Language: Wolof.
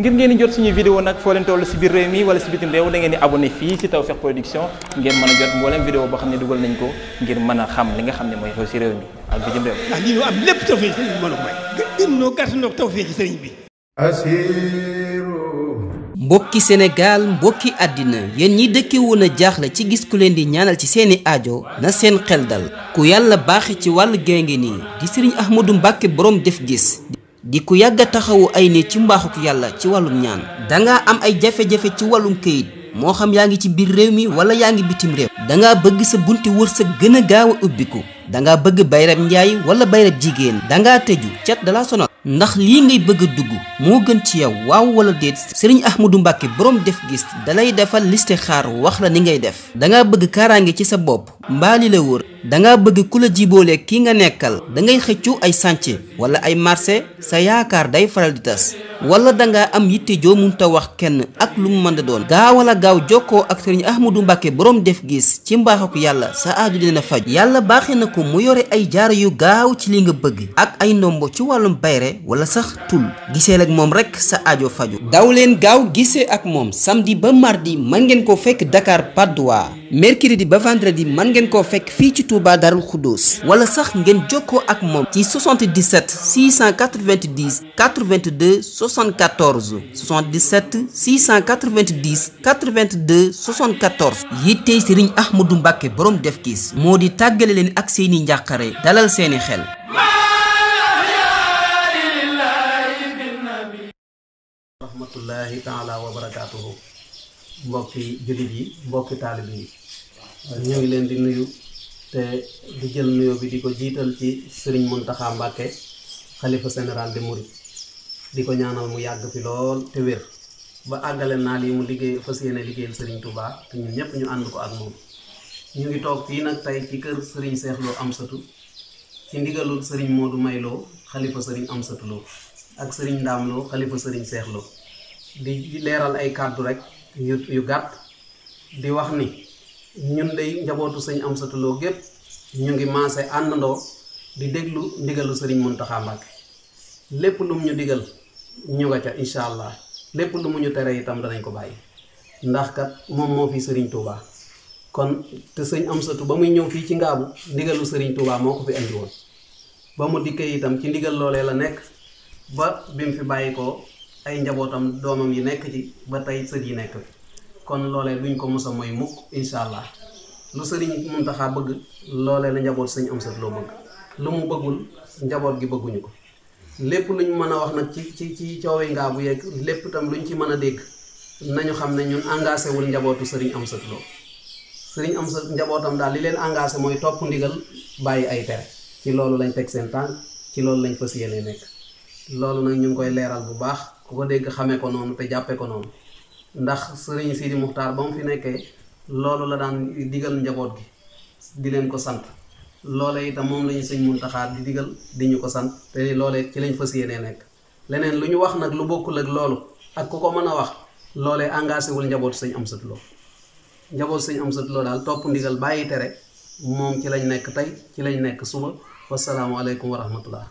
ngir ngeen di jot suñu vidéo nag foo leen toll si biir réew mi wala si bitim réew da ngeen di abonné fii si Tawfekh Production ngeen mën a jot mboolem boo xam ne dugal nañ ko ngir mën a xam li nga xam ne mooy xew si réew mi am lépp tawfeex sëriñ bi mën a may. noo gàtt noo tawfeex sëriñ bi. mbokki Sénégal mbokki àddina yéen ñi dëkkee woon a jaaxle ci gis ku leen di ñaanal ci seeni aajo na seen xel dal ku yàlla baaxi ci wàllu genge nii di sëriñ Ahmadou Mbacke boroom def gis di ku yàgg a taxawu ay ne ci mbaaxuk yàlla ci wàllum ñaan dangaa am ay jafe-jafe ci wàllum këyit moo xam yaa ngi ci biir réew mi wala yaa ngi bitim réew dangaa bëgg sa bunt wër sa gën a gaaw a ubbiku dangaa bëgg bayrab njaay wala bayrab jigéen dangaa tëju cat dala sonal ndax lii ngay bëgg dugg moo gën ci yow waaw wala déet sëriñ Ahmadou Mbàkke borom def gis dalay defal liste xaar wax la ni ngay def dangaa bëgg kaaraange ci sa bopp mbaa li la wër danga bëgg ku la jiboole ki nga nekkal dangay xëccu ay sànce wala ay marché sa yaakaar day faral di tas wala danga am yitte joo munta wax kenn ak lu mu mën a doon gaawal a gaaw jokkoo ak sëriñ Ahmadou Mbacke borom def gis ci mbaaxu yàlla sa aaju dina faj yàlla baaxee na ko mu yore ay jaaro yu gaaw ci li nga bëgg ak ay ndombo ci wàllum bayre wala sax tul gisee ak moom rek sa aajo faju daw leen gaaw gisee ak moom samedi ba mardi ma ngeen ko fekk Dakar Patte mercredi ba vendredi mën ngeen koo fekk fii ci Touba Darou Khoudoss wala sax ngeen jokkoo ak moom ci 77 690 82 74 77 690 82 74 yittey Serigne Ahmadou Mbacke borom def gis moo di tàggale leen ak seeni njàqare dalal seeni xel. rahmatullahi taala wa barakaatuhu mbokki jullit yi mbokki taalib yi ñu ngi leen di nuyu te di jël nuyo bi di ko jiital ci sëriñ Muntaxa Mbàkke xalifa général de Mouride di ko ñaanal mu yàgg fi lool te wér ba àggale naa lii mu liggéey fas yéene liggéeyal sëriñ Touba te ñun ñëpp ñu ànd ko ak moom ñu ngi toog fii nag tey ci kër sëriñ Seex Lo Amsatu ci ndigalul sëriñ Modou Mayloo xalifa sëriñ Amsatu Lo ak sëriñ Ndaam Lo xalifa sëriñ Seex di leeral ay kàddu rek yu yu gàtt di wax ni ñun day njabootu sëñ Amsatou Lo gépp ñu ngi maase àndandoo di déglu ndigalu sëriñ Muntaxa Mbàkke lépp lu mu ñu digal ñu nga ca incha allah lépp lu mu ñu tere itam danañ ko bàyyi ndax kat moom moo fi sëriñ Touba kon te sëñ Amsatou ba muy ñëw fii ci ngaabu ndigalu sëriñ Touba moo ko fi andi ba mu dikkee itam ci ndigal loolee la nekk ba bi mu fi bàyyi ko ay njabootam doomam yi nekk ci ba tey sët yi nekk fi kon loolee duñ ko mos a mooy mukk incha allah lu sëriñ Muntaxa bëgg loolee la njaboot sëñ am sët loo bëgg lu mu bëggul njaboot gi bëgguñu ko lépp luñ mën a wax nag ci ci ci coowi ngaa bu yeeg lépp itam luñ ci mën a dégg nañu xam ne ñun engagé wul njabootu sëriñ am sët loo sëriñ am sët njabootam daal li leen engagé mooy topp ndigal bàyyi ay tere ci loolu lañ teg seen tànk ci loolu lañ fas yéene nekk loolu nag ñu ngi koy leeral bu baax ku ko dégg xamee ko noonu te jàppee ko noonu ndax sëriñ Sidi Muxtaar ba mu fi nekkee loolu la daan digal njaboot gi di leen ko sant loole itam moom lañu ñu mun Muntaxaa di digal di ñu ko sant te loole ci lañ fas yéenee nekk leneen lu ñu wax nag lu bokk ak loolu ak ku ko mën a wax loolee engagé wul njabootu sëñ Amsatu Lo njabootu sëñ Amsatu Lo daal topp ndigal bàyyi tere moom ci lañ nekk tey ci lañ nekk suba wasalaamualeykum wa